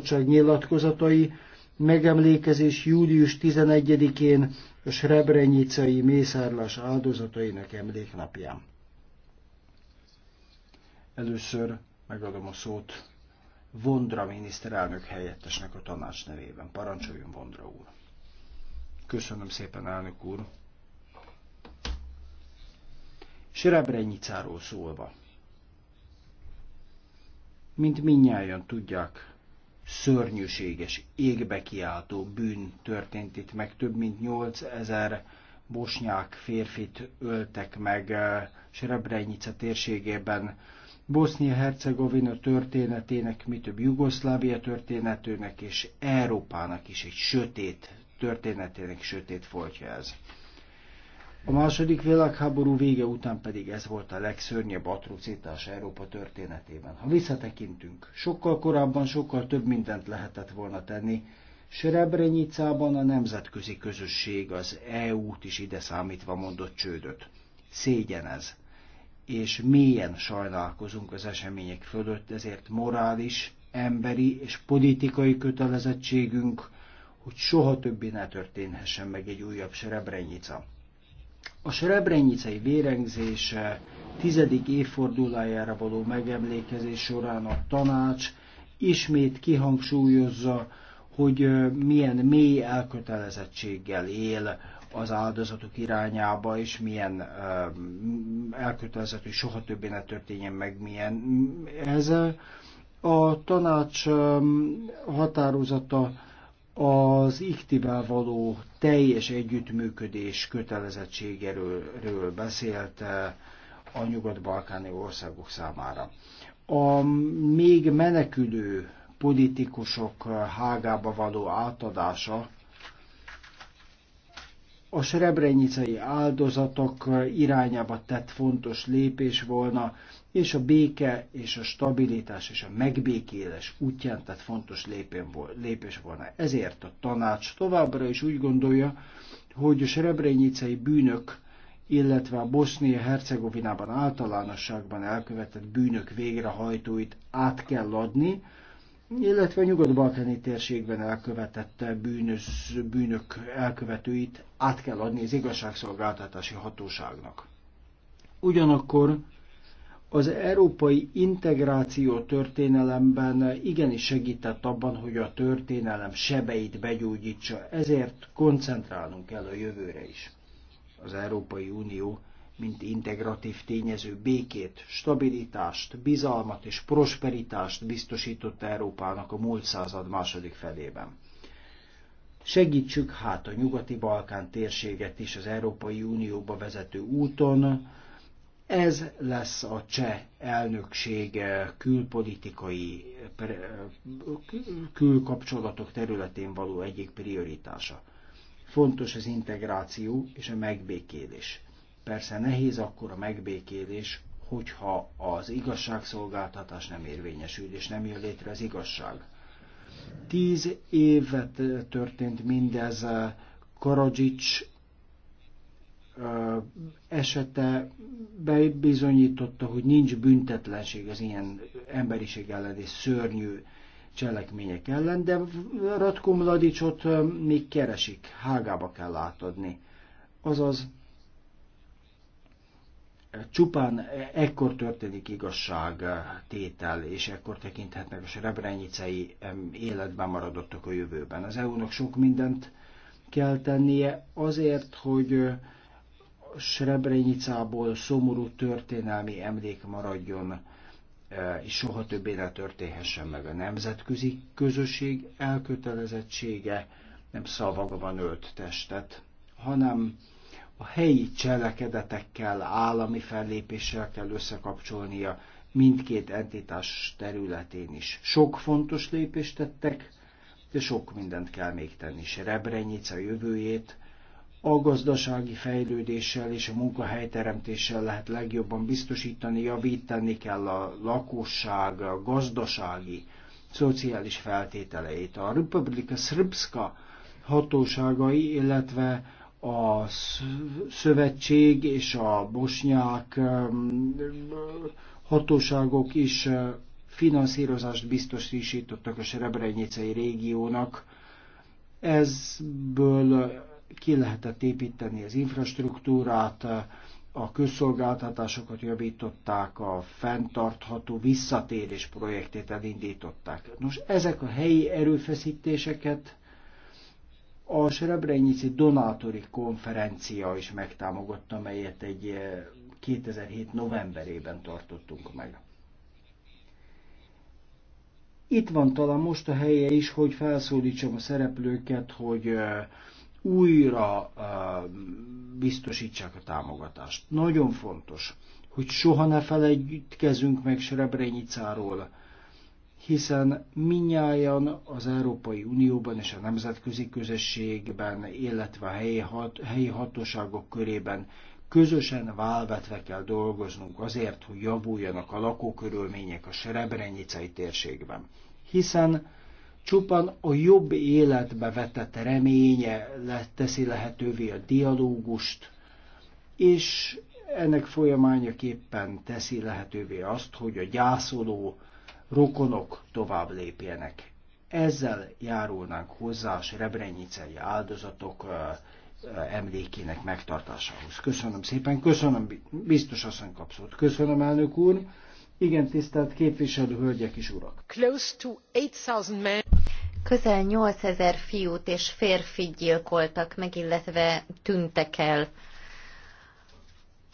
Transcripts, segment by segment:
bizottság nyilatkozatai, megemlékezés július 11-én a Srebrenicai mészárlás áldozatainak emléknapján. Először megadom a szót Vondra miniszterelnök helyettesnek a tanács nevében. Parancsoljon Vondra úr. Köszönöm szépen, elnök úr. Srebrenicáról szólva. Mint minnyáján tudják, szörnyűséges, égbe kiáltó bűn történt itt meg. Több mint 8000 bosnyák férfit öltek meg eh, Srebrenica térségében. Bosznia-Hercegovina történetének, mi több Jugoszlávia történetének és Európának is egy sötét történetének sötét foltja ez. A második világháború vége után pedig ez volt a legszörnyebb atrocitás Európa történetében. Ha visszatekintünk, sokkal korábban sokkal több mindent lehetett volna tenni, Srebrenicában a nemzetközi közösség az EU-t is ide számítva mondott csődöt. Szégyen ez. És mélyen sajnálkozunk az események fölött, ezért morális, emberi és politikai kötelezettségünk, hogy soha többé ne történhessen meg egy újabb Srebrenica. A srebrenicei vérengzése tizedik évfordulájára való megemlékezés során a tanács ismét kihangsúlyozza, hogy milyen mély elkötelezettséggel él az áldozatok irányába, és milyen elkötelezett, hogy soha többé ne történjen meg milyen. Ez a tanács határozata az iktivá való teljes együttműködés kötelezettségéről beszélt eh, a nyugat-balkáni országok számára. A még menekülő politikusok eh, hágába való átadása a srebrenicai áldozatok eh, irányába tett fontos lépés volna, és a béke és a stabilitás és a megbékélés útján, tehát fontos lépés volna. Ezért a tanács továbbra is úgy gondolja, hogy a serebrenyicei bűnök, illetve a Bosznia-Hercegovinában általánosságban elkövetett bűnök végrehajtóit át kell adni, illetve a nyugat-balkáni térségben elkövetett bűnös, bűnök elkövetőit át kell adni az igazságszolgáltatási hatóságnak. Ugyanakkor az európai integráció történelemben igenis segített abban, hogy a történelem sebeit begyógyítsa, ezért koncentrálnunk kell a jövőre is. Az Európai Unió, mint integratív tényező békét, stabilitást, bizalmat és prosperitást biztosított Európának a múlt század második felében. Segítsük hát a nyugati Balkán térséget is az Európai Unióba vezető úton, ez lesz a cseh elnökség eh, külpolitikai eh, külkapcsolatok területén való egyik prioritása. Fontos az integráció és a megbékélés. Persze nehéz akkor a megbékélés, hogyha az igazságszolgáltatás nem érvényesül, és nem jön létre az igazság. Tíz évet eh, történt mindez Karadzsics esete bebizonyította, hogy nincs büntetlenség az ilyen emberiség ellen és szörnyű cselekmények ellen, de Ratko Mladicsot még keresik, hágába kell átadni. Azaz, csupán ekkor történik igazság tétel, és ekkor tekinthetnek a srebrenicei életben maradottak a jövőben. Az EU-nak sok mindent kell tennie azért, hogy Srebrenicából szomorú történelmi emlék maradjon, e, és soha többé ne történhessen meg a nemzetközi közösség elkötelezettsége, nem szavagban ölt testet, hanem a helyi cselekedetekkel, állami fellépéssel kell összekapcsolnia mindkét entitás területén is. Sok fontos lépést tettek, de sok mindent kell még tenni. Srebrenica jövőjét a gazdasági fejlődéssel és a munkahelyteremtéssel lehet legjobban biztosítani, javítani kell a lakosság, a gazdasági, szociális feltételeit. A Republika Srpska hatóságai, illetve a szövetség és a bosnyák hatóságok is finanszírozást biztosítottak a Srebrenicei régiónak. Ezből ki lehetett építeni az infrastruktúrát, a közszolgáltatásokat javították, a fenntartható visszatérés projektét elindították. Nos, ezek a helyi erőfeszítéseket a Srebrenici donátori konferencia is megtámogatta, melyet egy 2007 eh, novemberében tartottunk meg. Itt van talán most a helye is, hogy felszólítsam a szereplőket, hogy eh, újra biztosítsák a támogatást. Nagyon fontos, hogy soha ne felejtkezünk meg Srebrenicáról, hiszen minnyáján az Európai Unióban és a nemzetközi közösségben, illetve a helyi, hat, helyi hatóságok körében közösen válvetve kell dolgoznunk azért, hogy javuljanak a lakókörülmények a Srebrenicai térségben. Hiszen Csupán a jobb életbe vetett reménye teszi lehetővé a dialógust, és ennek folyamányaképpen teszi lehetővé azt, hogy a gyászoló rokonok tovább lépjenek. Ezzel járulnánk hozzá a srebrenyicei áldozatok emlékének megtartásához. Köszönöm szépen, köszönöm, biztos asszony kapszót. Köszönöm, elnök úr. Igen, tisztelt képviselő hölgyek és urak! Close to 8000 men. Közel 8000 fiút és férfit gyilkoltak meg, illetve tűntek el.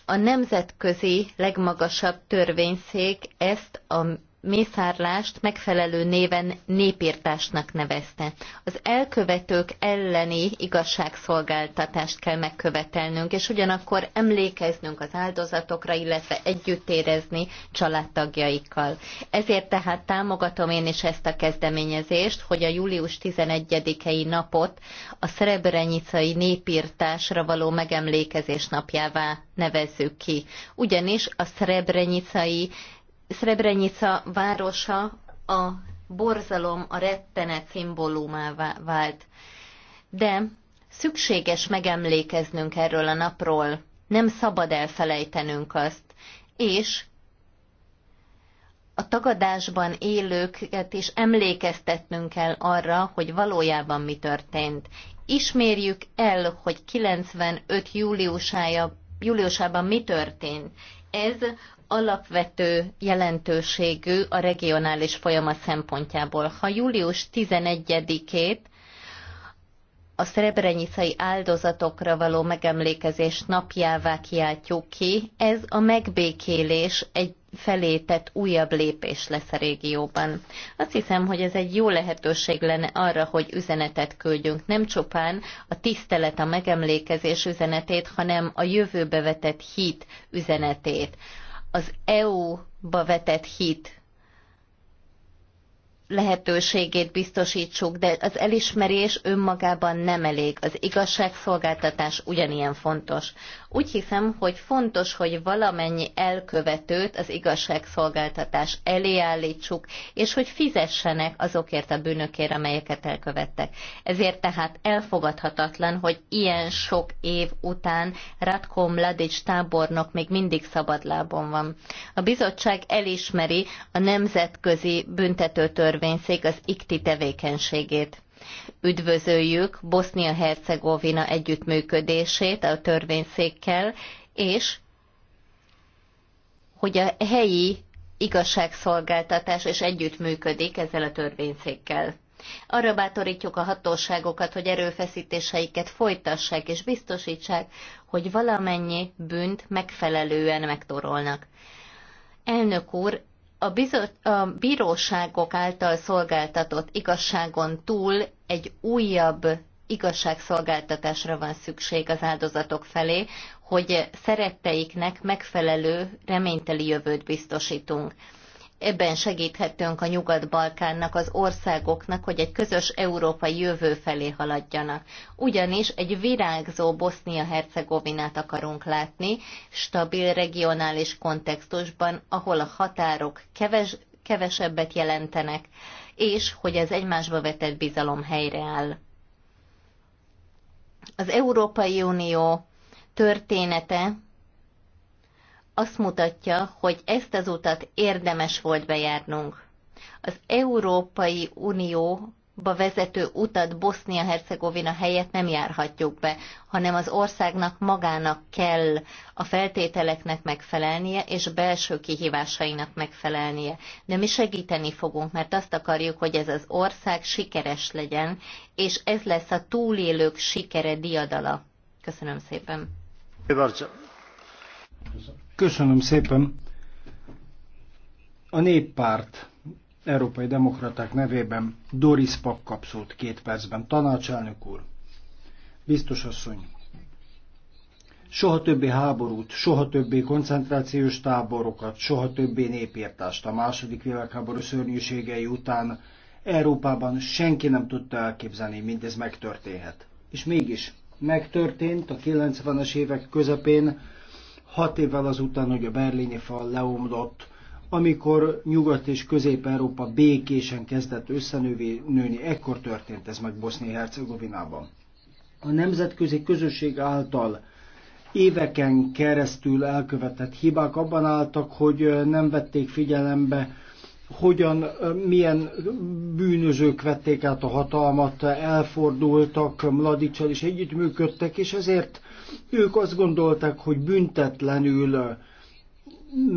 A nemzetközi legmagasabb törvényszék ezt a mészárlást megfelelő néven népírtásnak nevezte. Az elkövetők elleni igazságszolgáltatást kell megkövetelnünk, és ugyanakkor emlékeznünk az áldozatokra, illetve együtt érezni családtagjaikkal. Ezért tehát támogatom én is ezt a kezdeményezést, hogy a július 11-i napot a szerebrenyicai népírtásra való megemlékezés napjává nevezzük ki. Ugyanis a szerebrenyicai Srebrenica városa a borzalom, a rettenet szimbólumává vált. De szükséges megemlékeznünk erről a napról, nem szabad elfelejtenünk azt, és a tagadásban élőket is emlékeztetnünk kell arra, hogy valójában mi történt. Ismérjük el, hogy 95. júliusája, júliusában mi történt. Ez alapvető jelentőségű a regionális folyamat szempontjából. Ha július 11-ét a szerebrenyiszai áldozatokra való megemlékezés napjává kiáltjuk ki, ez a megbékélés egy felétett újabb lépés lesz a régióban. Azt hiszem, hogy ez egy jó lehetőség lenne arra, hogy üzenetet küldjünk, nem csupán a tisztelet, a megemlékezés üzenetét, hanem a jövőbe vetett hit üzenetét az EU-ba vetett hit lehetőségét biztosítsuk, de az elismerés önmagában nem elég. Az igazságszolgáltatás ugyanilyen fontos. Úgy hiszem, hogy fontos, hogy valamennyi elkövetőt az igazságszolgáltatás elé állítsuk, és hogy fizessenek azokért a bűnökért, amelyeket elkövettek. Ezért tehát elfogadhatatlan, hogy ilyen sok év után Ratko Mladic tábornok még mindig szabadlábon van. A bizottság elismeri a Nemzetközi Büntetőtörvényszék az IKTI tevékenységét Üdvözöljük Bosznia-Hercegovina együttműködését a törvényszékkel, és hogy a helyi igazságszolgáltatás és együttműködik ezzel a törvényszékkel. Arra bátorítjuk a hatóságokat, hogy erőfeszítéseiket folytassák és biztosítsák, hogy valamennyi bűnt megfelelően megtorolnak. Elnök úr, a, bizot, a bíróságok által szolgáltatott igazságon túl egy újabb igazságszolgáltatásra van szükség az áldozatok felé, hogy szeretteiknek megfelelő, reményteli jövőt biztosítunk ebben segíthetünk a Nyugat-Balkánnak, az országoknak, hogy egy közös európai jövő felé haladjanak. Ugyanis egy virágzó Bosznia-Hercegovinát akarunk látni, stabil regionális kontextusban, ahol a határok keves, kevesebbet jelentenek, és hogy az egymásba vetett bizalom helyreáll. Az Európai Unió története azt mutatja, hogy ezt az utat érdemes volt bejárnunk. Az Európai Unióba vezető utat Bosznia-Hercegovina helyett nem járhatjuk be, hanem az országnak magának kell a feltételeknek megfelelnie, és belső kihívásainak megfelelnie. De mi segíteni fogunk, mert azt akarjuk, hogy ez az ország sikeres legyen, és ez lesz a túlélők sikere diadala. Köszönöm szépen. Köszönöm. Köszönöm szépen. A néppárt európai demokraták nevében Doris Pak kapszót két percben. Tanácselnök úr, biztos asszony, soha többé háborút, soha többé koncentrációs táborokat, soha többé népírtást a második világháború szörnyűségei után Európában senki nem tudta elképzelni, mindez megtörténhet. És mégis megtörtént a 90-es évek közepén, hat évvel azután, hogy a berlini fal leomlott, amikor Nyugat és Közép-Európa békésen kezdett összenőni, ekkor történt ez meg Bosznia-Hercegovinában. A nemzetközi közösség által éveken keresztül elkövetett hibák abban álltak, hogy nem vették figyelembe, hogyan, milyen bűnözők vették át a hatalmat, elfordultak, Mladicsal is együttműködtek, és ezért ők azt gondolták, hogy büntetlenül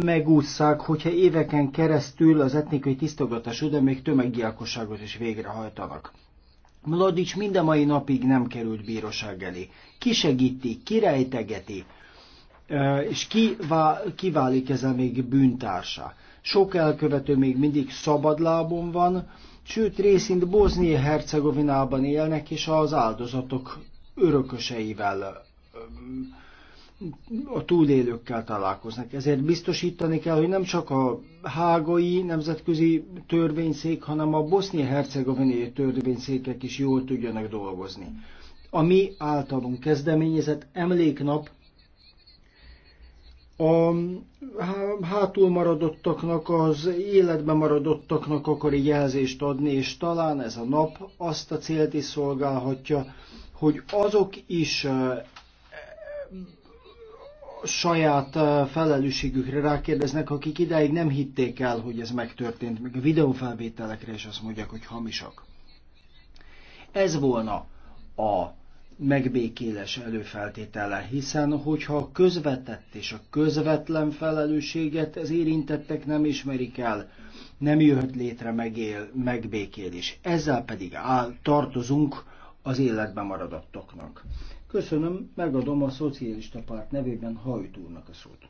megúszszák, hogyha éveken keresztül az etnikai tisztogatás után még tömeggyilkosságot is végrehajtanak. Mladics mind a mai napig nem került bíróság elé. Kisegíti, kirejtegeti, és kiválik ezzel még bűntársa. Sok elkövető még mindig szabadlábon van, sőt részint Bosznia-Hercegovinában élnek, és az áldozatok örököseivel a túlélőkkel találkoznak. Ezért biztosítani kell, hogy nem csak a hágai nemzetközi törvényszék, hanem a bosznia-hercegovinai törvényszékek is jól tudjanak dolgozni. A mi általunk kezdeményezett emléknap a hátul maradottaknak, az életben maradottaknak akar egy jelzést adni, és talán ez a nap azt a célt is szolgálhatja, hogy azok is saját felelősségükre rákérdeznek, akik idáig nem hitték el, hogy ez megtörtént, még a videófelvételekre is azt mondják, hogy hamisak. Ez volna a megbékélés előfeltétele, hiszen hogyha a közvetett és a közvetlen felelősséget az érintettek nem ismerik el, nem jöhet létre megél, megbékélés. Ezzel pedig áll, tartozunk az életben maradottoknak. Köszönöm, megadom a Szocialista Párt nevében Hajt úrnak a szót.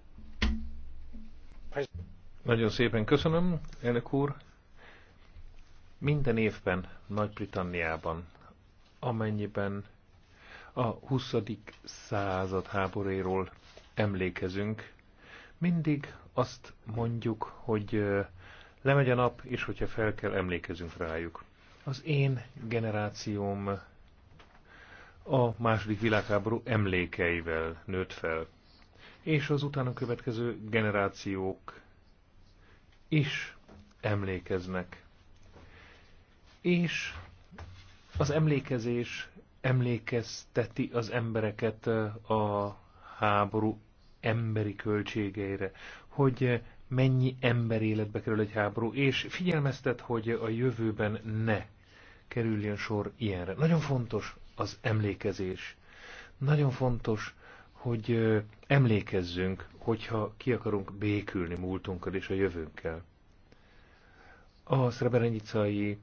Nagyon szépen köszönöm, elnök úr. Minden évben Nagy-Britanniában, amennyiben a 20. század háborúról emlékezünk, mindig azt mondjuk, hogy lemegy a nap, és hogyha fel kell, emlékezünk rájuk. Az én generációm a második világháború emlékeivel nőtt fel, és az utána következő generációk is emlékeznek. És az emlékezés emlékezteti az embereket eh, a háború emberi költségeire, hogy mennyi ember életbe kerül egy háború, és figyelmeztet, hogy a jövőben ne kerüljön sor ilyenre. Nagyon fontos az emlékezés. Nagyon fontos, hogy emlékezzünk, hogyha ki akarunk békülni múltunkkal és a jövőnkkel. A szreberenyicai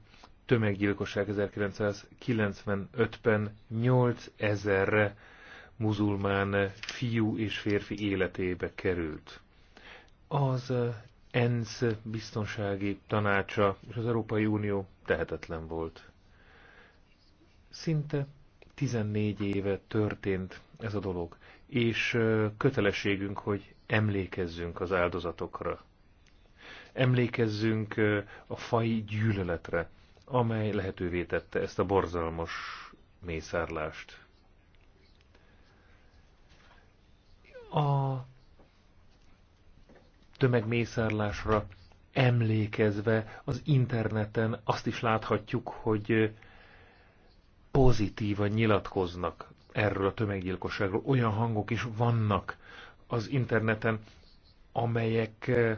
tömeggyilkosság 1995-ben 8000 muzulmán fiú és férfi életébe került. Az ENSZ biztonsági tanácsa és az Európai Unió tehetetlen volt. Szinte 14 éve történt ez a dolog, és kötelességünk, hogy emlékezzünk az áldozatokra. Emlékezzünk a fai gyűlöletre, amely lehetővé tette ezt a borzalmas mészárlást. A tömegmészárlásra emlékezve az interneten azt is láthatjuk, hogy pozitívan nyilatkoznak erről a tömeggyilkosságról. Olyan hangok is vannak az interneten, amelyek eh,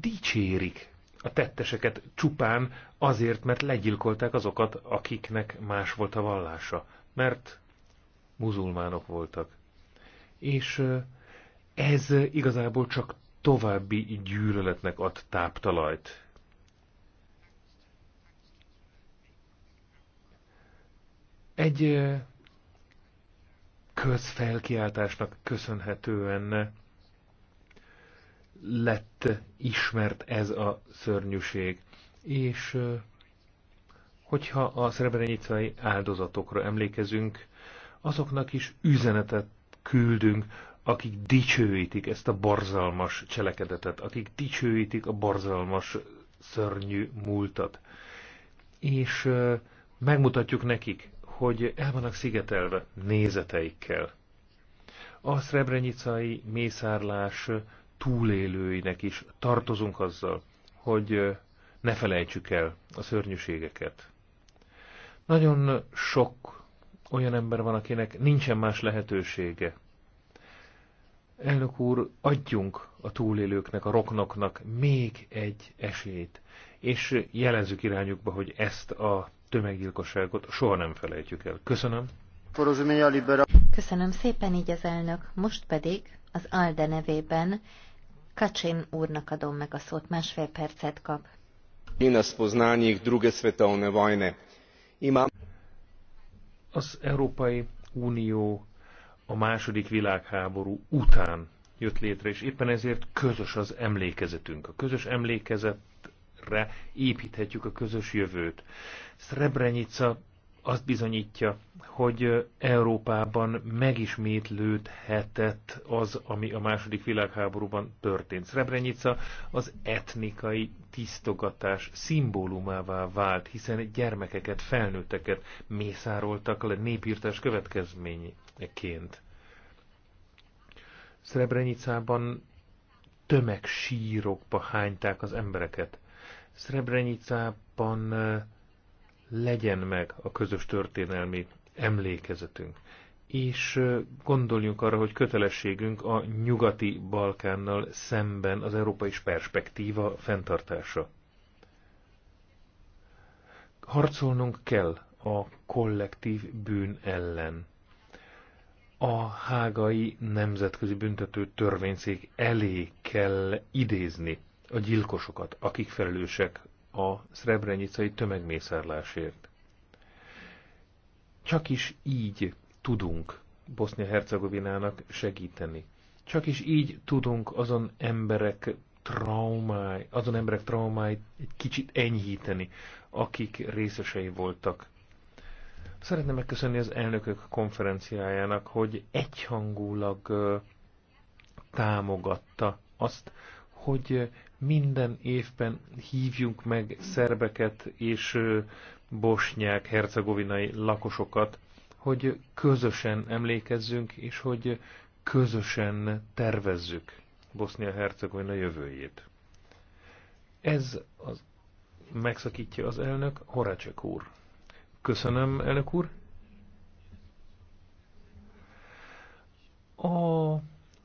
dicsérik a tetteseket csupán azért, mert legyilkolták azokat, akiknek más volt a vallása, mert muzulmánok voltak. És eh, ez igazából csak további gyűlöletnek ad táptalajt. Egy közfelkiáltásnak köszönhetően lett ismert ez a szörnyűség. És hogyha a szerebrenyicai áldozatokra emlékezünk, azoknak is üzenetet küldünk, akik dicsőítik ezt a barzalmas cselekedetet, akik dicsőítik a barzalmas szörnyű múltat. És megmutatjuk nekik, hogy el vannak szigetelve nézeteikkel. A szrebrenicai mészárlás túlélőinek is tartozunk azzal, hogy ne felejtsük el a szörnyűségeket. Nagyon sok olyan ember van, akinek nincsen más lehetősége. Elnök úr, adjunk a túlélőknek, a roknoknak még egy esélyt, és jelezzük irányukba, hogy ezt a tömeggyilkosságot soha nem felejtjük el. Köszönöm. Köszönöm szépen, így az elnök. Most pedig az ALDE nevében Kacsin úrnak adom meg a szót, másfél percet kap. Én druge vajne. Az Európai Unió a második világháború után jött létre, és éppen ezért közös az emlékezetünk. A közös emlékezet re építhetjük a közös jövőt. Srebrenica azt bizonyítja, hogy Európában megismétlődhetett az, ami a második világháborúban történt. Srebrenica az etnikai tisztogatás szimbólumává vált, hiszen gyermekeket, felnőtteket mészároltak le népírtás következményeként. Srebrenicában tömegsírokba hányták az embereket. Srebrenicában legyen meg a közös történelmi emlékezetünk. És gondoljunk arra, hogy kötelességünk a nyugati Balkánnal szemben az európai perspektíva fenntartása. Harcolnunk kell a kollektív bűn ellen. A hágai nemzetközi büntető törvényszék elé kell idézni a gyilkosokat, akik felelősek a szrebrenicai tömegmészárlásért. Csak is így tudunk Bosznia-Hercegovinának segíteni. Csak is így tudunk azon emberek traumáj, azon emberek traumáit egy kicsit enyhíteni, akik részesei voltak. Szeretném megköszönni az elnökök konferenciájának, hogy egyhangulag támogatta azt, hogy minden évben hívjunk meg szerbeket és bosnyák, hercegovinai lakosokat, hogy közösen emlékezzünk, és hogy közösen tervezzük Bosznia-Hercegovina jövőjét. Ez az megszakítja az elnök, Horácsek úr. Köszönöm, elnök úr.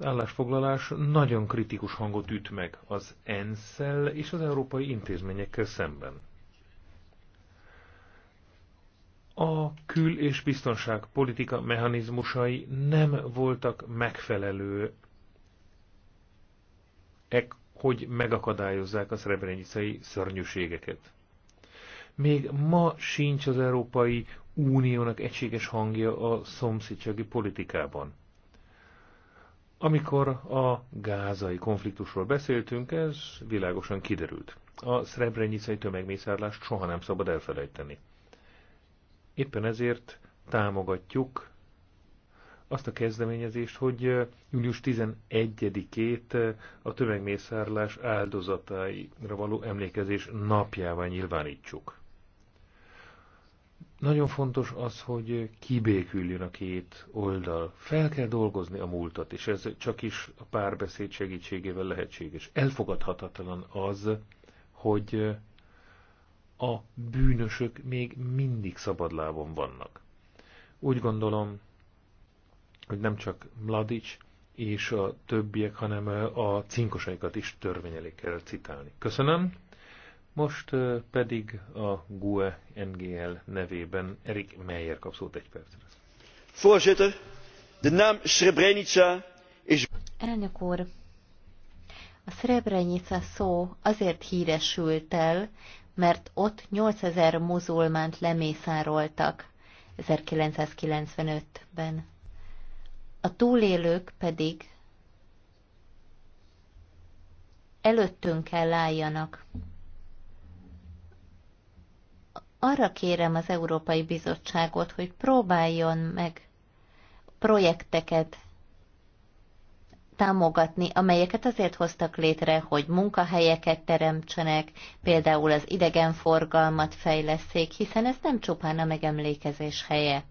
állásfoglalás nagyon kritikus hangot üt meg az ensz és az európai intézményekkel szemben. A kül- és biztonságpolitika mechanizmusai nem voltak megfelelő, hogy megakadályozzák a szrebrenicai szörnyűségeket. Még ma sincs az Európai Uniónak egységes hangja a szomszédsági politikában amikor a gázai konfliktusról beszéltünk, ez világosan kiderült. A szrebrenyicai tömegmészárlást soha nem szabad elfelejteni. Éppen ezért támogatjuk azt a kezdeményezést, hogy július 11-ét a tömegmészárlás áldozataira való emlékezés napjával nyilvánítsuk. Nagyon fontos az, hogy kibéküljön a két oldal. Fel kell dolgozni a múltat, és ez csak is a párbeszéd segítségével lehetséges. Elfogadhatatlan az, hogy a bűnösök még mindig szabadlábon vannak. Úgy gondolom, hogy nem csak Mladic és a többiek, hanem a cinkosaikat is törvényelé kell citálni. Köszönöm. Most pedig a GUE NGL nevében Erik Meyer kap szót egy percre. Voorzitter, de naam Srebrenica és... Elnök úr, a Srebrenica szó azért híresült el, mert ott 8000 muzulmánt lemészároltak 1995-ben. A túlélők pedig előttünk kell álljanak. Arra kérem az Európai Bizottságot, hogy próbáljon meg projekteket támogatni, amelyeket azért hoztak létre, hogy munkahelyeket teremtsenek, például az idegenforgalmat fejleszék, hiszen ez nem csupán a megemlékezés helye.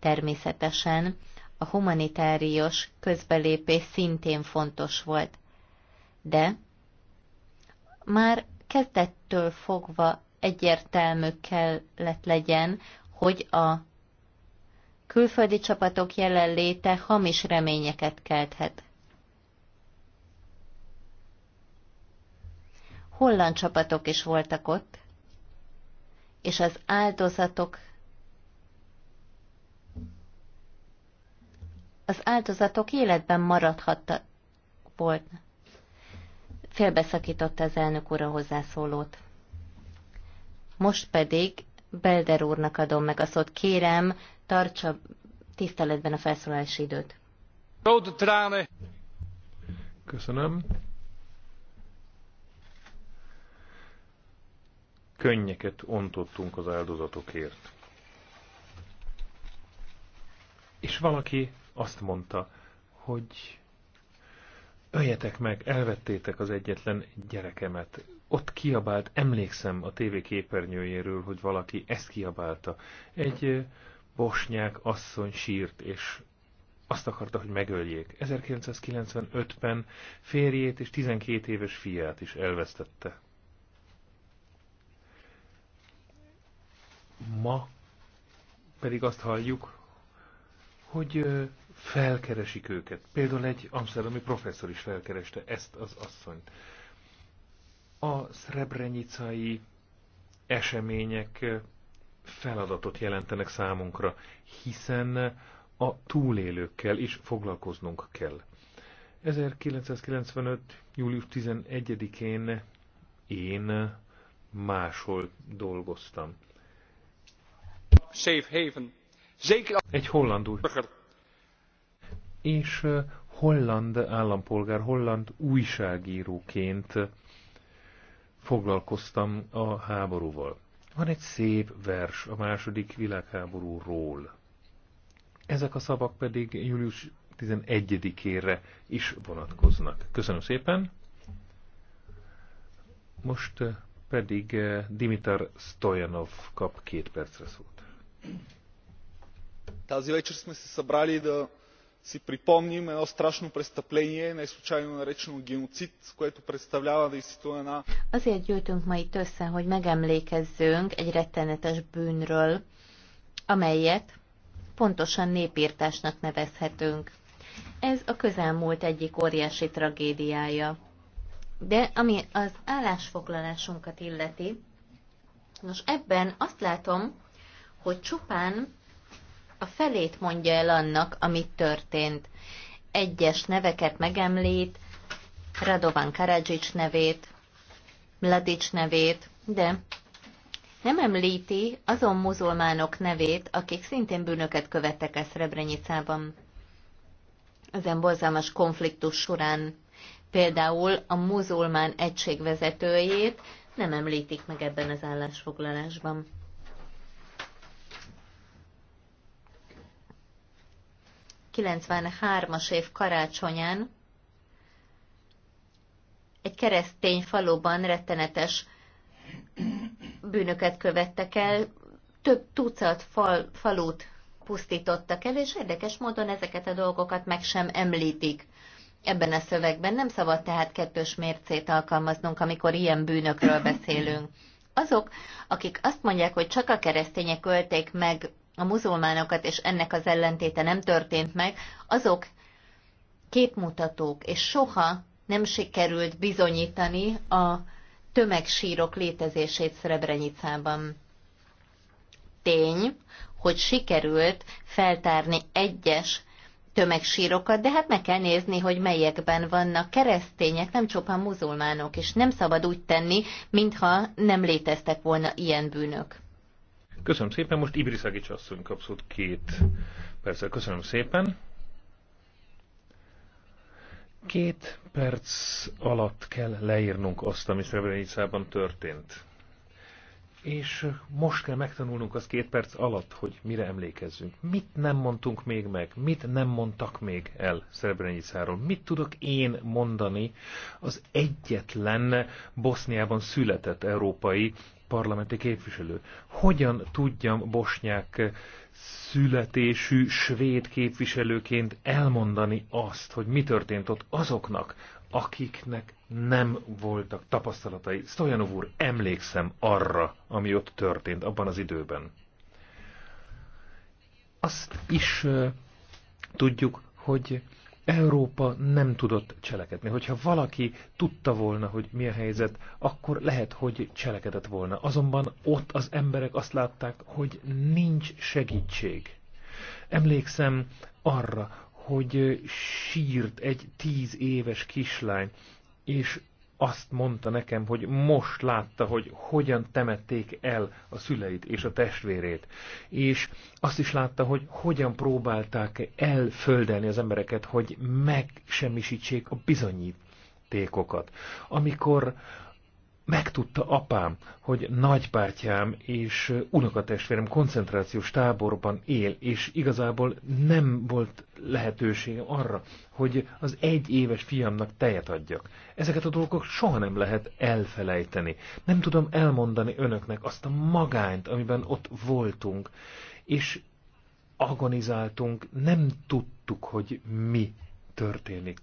Természetesen a humanitárius közbelépés szintén fontos volt. De már kezdettől fogva egyértelmű kellett legyen, hogy a külföldi csapatok jelenléte hamis reményeket kelthet. Holland csapatok is voltak ott, és az áldozatok az áldozatok életben maradhattak volna. Félbeszakított az elnök ura hozzászólót. Most pedig Belder úrnak adom meg a szót. Kérem, tartsa tiszteletben a felszólalási időt. Köszönöm. Könnyeket ontottunk az áldozatokért. És valaki azt mondta, hogy öljetek meg, elvettétek az egyetlen gyerekemet ott kiabált, emlékszem a tévé képernyőjéről, hogy valaki ezt kiabálta. Egy bosnyák asszony sírt, és azt akarta, hogy megöljék. 1995-ben férjét és 12 éves fiát is elvesztette. Ma pedig azt halljuk, hogy felkeresik őket. Például egy amsterdami professzor is felkereste ezt az asszonyt a szrebrenicai események feladatot jelentenek számunkra, hiszen a túlélőkkel is foglalkoznunk kell. 1995. július 11-én én máshol dolgoztam. Safe haven. Egy hollandul. És eh, holland állampolgár, holland újságíróként foglalkoztam a háborúval. Van egy szép vers a második világháborúról. Ezek a szavak pedig július 11-ére is vonatkoznak. Köszönöm szépen! Most eh, pedig eh, Dimitar Stojanov kap két percre szót. Tázi, вечер сме се събрали да си припомним едно страшно престъпление, случайно наречено геноцид, което представлява действително една... Azért gyűjtünk ma itt össze, hogy megemlékezzünk egy rettenetes bűnről, amelyet pontosan népírtásnak nevezhetünk. Ez a közelmúlt egyik óriási tragédiája. De ami az állásfoglalásunkat illeti, nos ebben azt látom, hogy csupán a felét mondja el annak, amit történt. Egyes neveket megemlít, Radovan Karadzsics nevét, Mladics nevét, de nem említi azon muzulmánok nevét, akik szintén bűnöket követtek el Srebrenicában. Ezen borzalmas konfliktus során például a muzulmán egység vezetőjét nem említik meg ebben az állásfoglalásban. 93-as év karácsonyán egy keresztény faluban rettenetes bűnöket követtek el, több tucat fal, falut pusztítottak el, és érdekes módon ezeket a dolgokat meg sem említik. Ebben a szövegben nem szabad tehát kettős mércét alkalmaznunk, amikor ilyen bűnökről beszélünk. Azok, akik azt mondják, hogy csak a keresztények ölték meg a muzulmánokat, és ennek az ellentéte nem történt meg, azok képmutatók, és soha nem sikerült bizonyítani a tömegsírok létezését Srebrenicában. Tény, hogy sikerült feltárni egyes tömegsírokat, de hát meg kell nézni, hogy melyekben vannak keresztények, nem csupán muzulmánok, és nem szabad úgy tenni, mintha nem léteztek volna ilyen bűnök. Köszönöm szépen, most Ibriszagics asszony kapszott két perccel. Köszönöm szépen. Két perc alatt kell leírnunk azt, ami Srebrenicában történt. És most kell megtanulnunk az két perc alatt, hogy mire emlékezzünk. Mit nem mondtunk még meg? Mit nem mondtak még el Szerebrenicáról? Mit tudok én mondani az egyetlen Boszniában született európai parlamenti képviselő. Hogyan tudjam bosnyák születésű svéd képviselőként elmondani azt, hogy mi történt ott azoknak, akiknek nem voltak tapasztalatai. Stojanov úr, emlékszem arra, ami ott történt abban az időben. Azt is uh, tudjuk, hogy Európa nem tudott cselekedni. Hogyha valaki tudta volna, hogy mi a helyzet, akkor lehet, hogy cselekedett volna. Azonban ott az emberek azt látták, hogy nincs segítség. Emlékszem arra, hogy sírt egy tíz éves kislány, és azt mondta nekem, hogy most látta, hogy hogyan temették el a szüleit és a testvérét. És azt is látta, hogy hogyan próbálták elföldelni az embereket, hogy megsemmisítsék a bizonyítékokat. Amikor megtudta apám, hogy nagybátyám és unokatestvérem koncentrációs táborban él, és igazából nem volt lehetőségem arra, hogy az egy éves fiamnak tejet adjak. Ezeket a dolgok soha nem lehet elfelejteni. Nem tudom elmondani önöknek azt a magányt, amiben ott voltunk, és agonizáltunk, nem tudtuk, hogy mi történik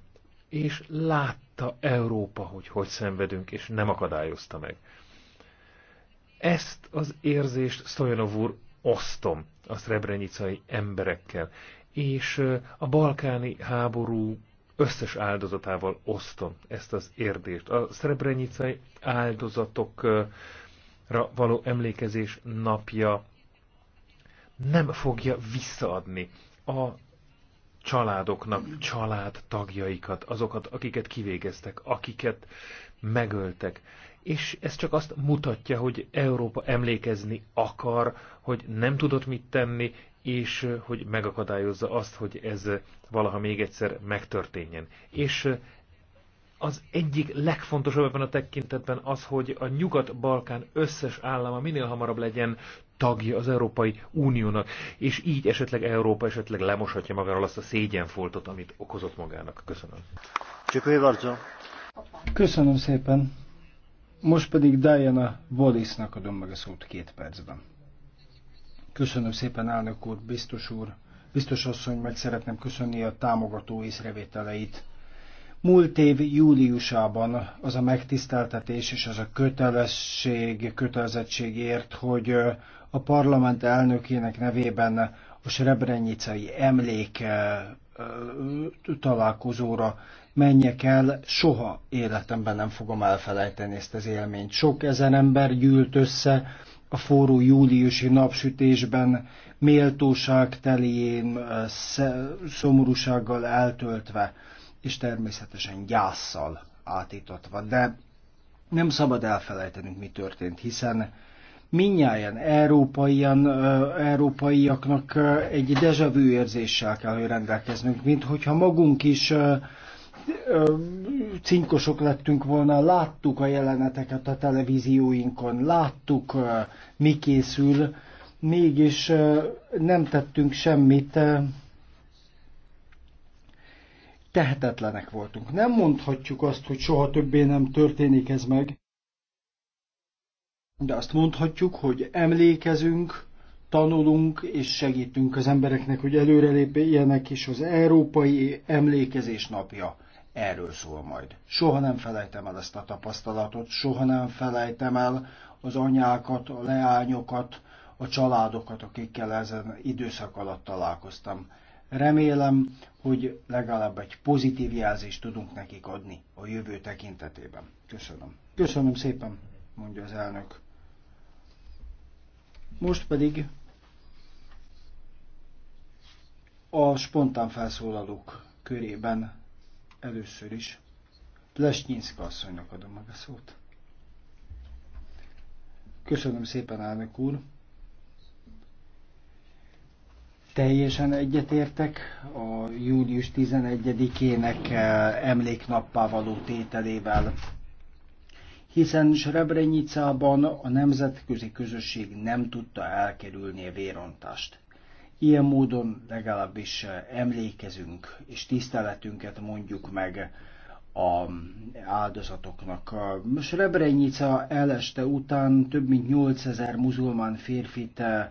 és látta Európa, hogy hogy szenvedünk, és nem akadályozta meg. Ezt az érzést Stojanov úr osztom a szrebrenicai emberekkel, és a balkáni háború összes áldozatával osztom ezt az érdést. A szrebrenicai áldozatokra való emlékezés napja nem fogja visszaadni a családoknak, család tagjaikat, azokat, akiket kivégeztek, akiket megöltek. És ez csak azt mutatja, hogy Európa emlékezni akar, hogy nem tudott mit tenni, és hogy megakadályozza azt, hogy ez valaha még egyszer megtörténjen. És az egyik legfontosabb ebben a tekintetben az, hogy a Nyugat-Balkán összes állama minél hamarabb legyen tagja az Európai Uniónak, és így esetleg Európa esetleg lemoshatja magáról azt a szégyenfoltot, amit okozott magának. Köszönöm. Köszönöm szépen. Most pedig Diana Wallace-nak adom meg a szót két percben. Köszönöm szépen, elnök úr, biztos úr, biztos asszony, meg szeretném köszönni a támogató észrevételeit. Múlt év júliusában az a megtiszteltetés és az a kötelesség, kötelezettségért, hogy a parlament elnökének nevében a Srebrenicai emlék eh, eh, találkozóra menjek el, soha életemben nem fogom elfelejteni ezt az élményt. Sok ezer ember gyűlt össze a forró júliusi napsütésben, méltóság teljén, eh, szomorúsággal eltöltve, és természetesen gyászsal átítatva. De nem szabad elfelejtenünk, mi történt, hiszen minnyáján európaian, európaiaknak egy dejavű érzéssel kell, hogy rendelkeznünk, mint hogyha magunk is cinkosok lettünk volna, láttuk a jeleneteket a televízióinkon, láttuk, mi készül, mégis nem tettünk semmit, tehetetlenek voltunk. Nem mondhatjuk azt, hogy soha többé nem történik ez meg, de azt mondhatjuk, hogy emlékezünk, tanulunk és segítünk az embereknek, hogy előrelépjenek, is az Európai Emlékezés Napja erről szól majd. Soha nem felejtem el ezt a tapasztalatot, soha nem felejtem el az anyákat, a leányokat, a családokat, akikkel ezen időszak alatt találkoztam. Remélem, hogy legalább egy pozitív jelzést tudunk nekik adni a jövő tekintetében. Köszönöm. Köszönöm szépen, mondja az elnök. Most pedig a spontán felszólalók körében először is Plesnyinszka asszonynak adom meg a szót. Köszönöm szépen, elnök úr! Teljesen egyetértek a július 11-ének eh, emléknappá való tételével hiszen Srebrenicában a nemzetközi közösség nem tudta elkerülni a vérontást. Ilyen módon legalábbis eh, emlékezünk és tiszteletünket mondjuk meg a mm, áldozatoknak. A Srebrenica eleste után több mint 8000 muzulmán férfit eh,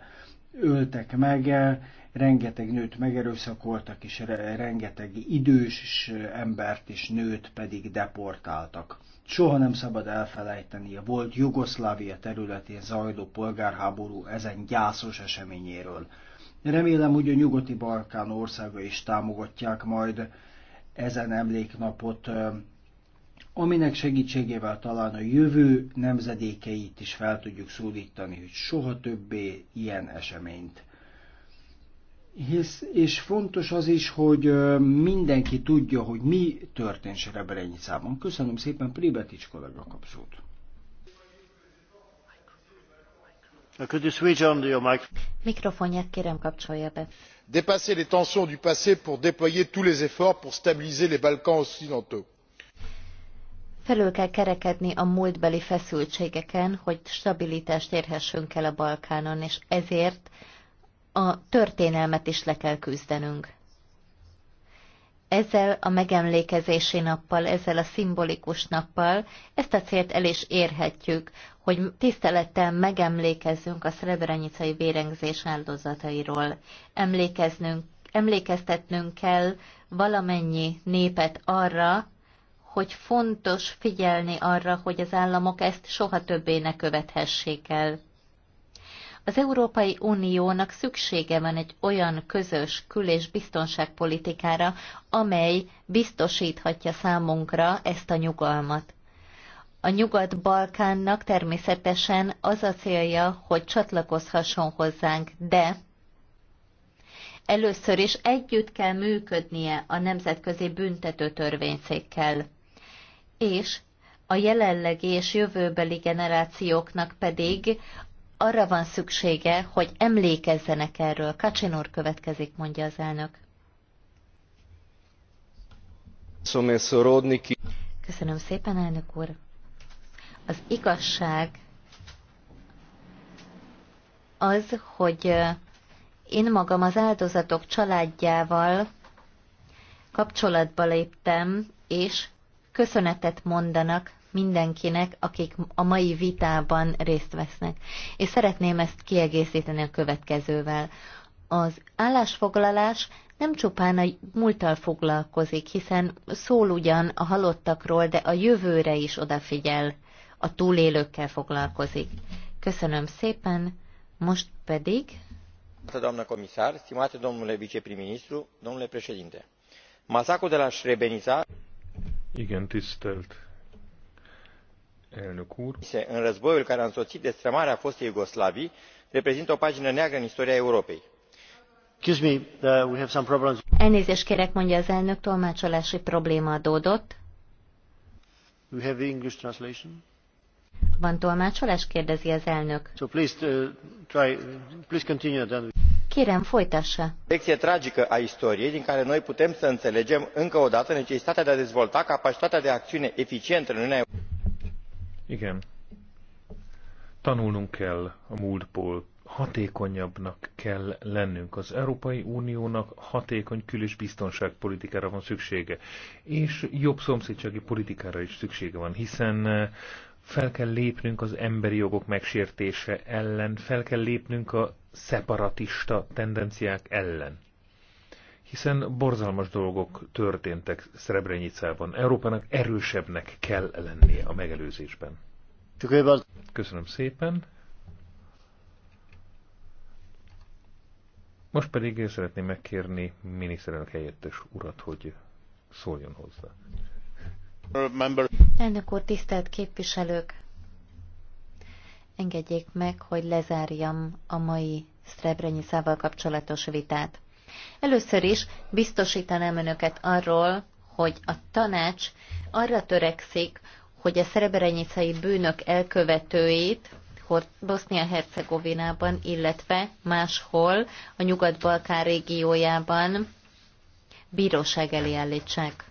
öltek meg, eh, rengeteg nőt megerőszakoltak, és rengeteg idős embert és nőt pedig deportáltak. Soha nem szabad elfelejteni a volt Jugoszlávia területén zajló polgárháború ezen gyászos eseményéről. Remélem, hogy a nyugati Balkán országa is támogatják majd ezen emléknapot, aminek segítségével talán a jövő nemzedékeit is fel tudjuk szólítani, hogy soha többé ilyen eseményt hisz, és fontos az is, hogy mindenki tudja, hogy mi történt Srebrenicában. Köszönöm szépen, Pribetics kollega kapszót. Could Mikrofonját kérem kapcsolja be. Dépasser les tensions du passé pour déployer tous les efforts pour stabiliser les Balkans occidentaux. Felül kell kerekedni a múltbeli feszültségeken, hogy stabilitást érhessünk el a Balkánon, és ezért a történelmet is le kell küzdenünk. Ezzel a megemlékezési nappal, ezzel a szimbolikus nappal ezt a célt el is érhetjük, hogy tisztelettel megemlékezzünk a szrebrenicai vérengzés áldozatairól. Emlékeznünk, emlékeztetnünk kell valamennyi népet arra, hogy fontos figyelni arra, hogy az államok ezt soha többé ne követhessék el. Az Európai Uniónak szüksége van egy olyan közös kül- és biztonságpolitikára, amely biztosíthatja számunkra ezt a nyugalmat. A Nyugat-Balkánnak természetesen az a célja, hogy csatlakozhasson hozzánk, de először is együtt kell működnie a Nemzetközi Büntető Törvényszékkel. És a jelenlegi és jövőbeli generációknak pedig arra van szüksége, hogy emlékezzenek erről. Kacsin úr következik, mondja az elnök. Köszönöm szépen, elnök úr. Az igazság az, hogy én magam az áldozatok családjával kapcsolatba léptem, és köszönetet mondanak mindenkinek, akik a mai vitában részt vesznek. És szeretném ezt kiegészíteni a következővel. Az állásfoglalás nem csupán a múlttal foglalkozik, hiszen szól ugyan a halottakról, de a jövőre is odafigyel, a túlélőkkel foglalkozik. Köszönöm szépen, most pedig... Doamnă komisár, stimate domnule viceprim-ministru, domnule președinte, masacrul de la Srebrenica... Igen, tisztelt În războiul care a însoit destrămarea fostei Iugoslavii reprezintă o pagină neagră în istoria Europei. Uh, Elnézést kérek, mondja az elnök, tolmácsolási probléma adódott. Van tolmácsolás? kérdezi az elnök. So please, uh, try, please continue then. Kérem, folytassa. Lecție tragică a istoriei din care noi putem să înțelegem încă o dată necesitatea de a dezvolta capacitatea de acțiune eficientă în Uniunea Europeană. Igen. Tanulnunk kell a múltból, hatékonyabbnak kell lennünk. Az Európai Uniónak hatékony kül- és biztonságpolitikára van szüksége, és jobb szomszédsági politikára is szüksége van, hiszen eh, fel kell lépnünk az emberi jogok megsértése ellen, fel kell lépnünk a szeparatista tendenciák ellen hiszen borzalmas dolgok történtek Srebrenicában. Európának erősebbnek kell lennie a megelőzésben. Köszönöm szépen. Most pedig szeretném megkérni miniszterelnök helyettes urat, hogy szóljon hozzá. Elnök úr, tisztelt képviselők! Engedjék meg, hogy lezárjam a mai Srebrenicával kapcsolatos vitát. Először is biztosítanám önöket arról, hogy a tanács arra törekszik, hogy a szereberenyicei bűnök elkövetőit Bosznia-Hercegovinában, illetve máshol a Nyugat-Balkán régiójában bíróság elé állítsák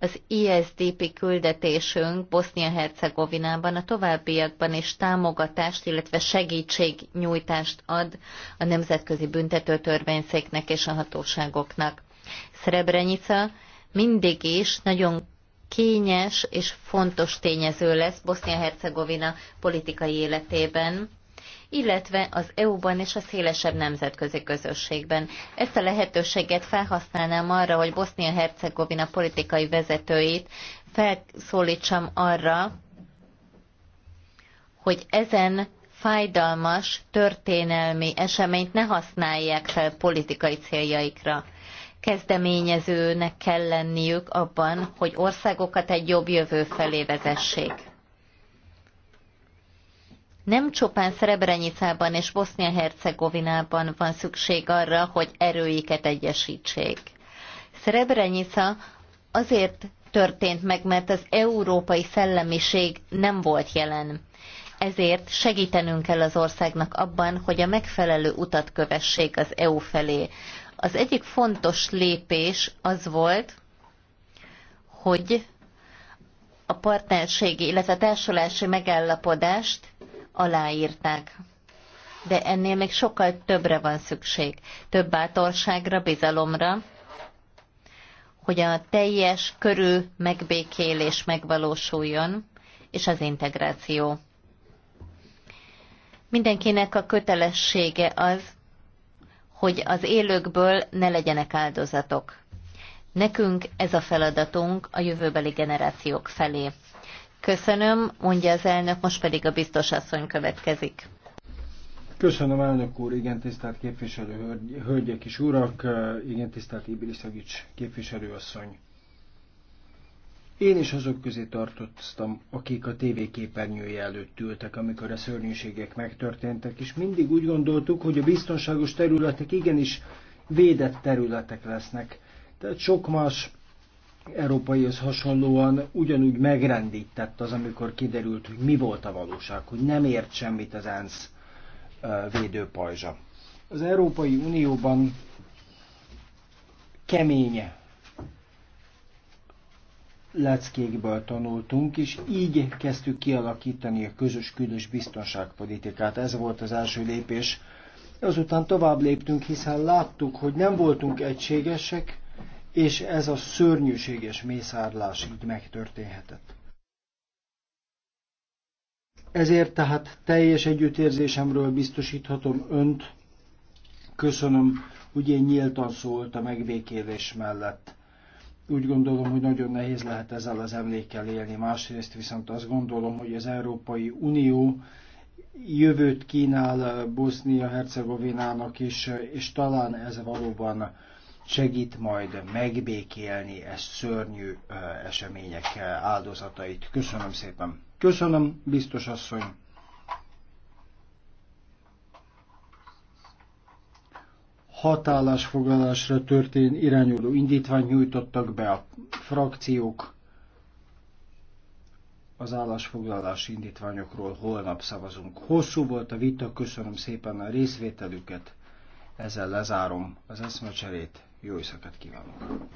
az ISDP küldetésünk Bosznia-Hercegovinában a továbbiakban is támogatást, illetve segítségnyújtást ad a Nemzetközi Büntetőtörvényszéknek és a hatóságoknak. Srebrenica mindig is nagyon kényes és fontos tényező lesz Bosznia-Hercegovina politikai életében, illetve az EU-ban és a szélesebb nemzetközi közösségben. Ezt a lehetőséget felhasználnám arra, hogy Bosznia-Hercegovina politikai vezetőit felszólítsam arra, hogy ezen fájdalmas történelmi eseményt ne használják fel politikai céljaikra. Kezdeményezőnek kell lenniük abban, hogy országokat egy jobb jövő felé vezessék nem csupán Szerebrenyicában és Bosznia-Hercegovinában van szükség arra, hogy erőiket egyesítsék. Szerebrenyica azért történt meg, mert az európai szellemiség nem volt jelen. Ezért segítenünk kell az országnak abban, hogy a megfelelő utat kövessék az EU felé. Az egyik fontos lépés az volt, hogy a partnerségi, illetve a társulási megállapodást aláírták. De ennél még sokkal többre van szükség. Több bátorságra, bizalomra, hogy a teljes körű megbékélés megvalósuljon, és az integráció. Mindenkinek a kötelessége az, hogy az élőkből ne legyenek áldozatok. Nekünk ez a feladatunk a jövőbeli generációk felé. Köszönöm, mondja az elnök, most pedig a biztos asszony következik. Köszönöm, elnök úr, igen, tisztelt képviselő hölgyek és urak, igen, tisztelt Ibiliszagics képviselőasszony. Én is azok közé tartottam, akik a TV képernyője előtt ültek, amikor a szörnyűségek megtörténtek, és mindig úgy gondoltuk, hogy a biztonságos területek igenis védett területek lesznek. Tehát sok más európaihoz hasonlóan ugyanúgy megrendített az, amikor kiderült, hogy mi volt a valóság, hogy nem ért semmit az ENSZ védőpajzsa. Az Európai Unióban keménye leckékből tanultunk, és így kezdtük kialakítani a közös küldös biztonságpolitikát. Ez volt az első lépés. Azután tovább léptünk, hiszen láttuk, hogy nem voltunk egységesek, és ez a szörnyűséges mészárlás így megtörténhetett. Ezért tehát teljes együttérzésemről biztosíthatom önt. Köszönöm, hogy én nyíltan szólt a megbékélés mellett. Úgy gondolom, hogy nagyon nehéz lehet ezzel az emlékkel élni. Másrészt viszont azt gondolom, hogy az Európai Unió jövőt kínál Bosznia-Hercegovinának is, és talán ez valóban segít majd megbékélni ezt szörnyű események áldozatait. Köszönöm szépen. Köszönöm, biztos asszony. Hatállásfoglalásra történ irányuló indítványt nyújtottak be a frakciók. Az állásfoglalási indítványokról holnap szavazunk. Hosszú volt a vita, köszönöm szépen a részvételüket. Ezzel lezárom az eszmecserét. Jó éjszakát kívánok!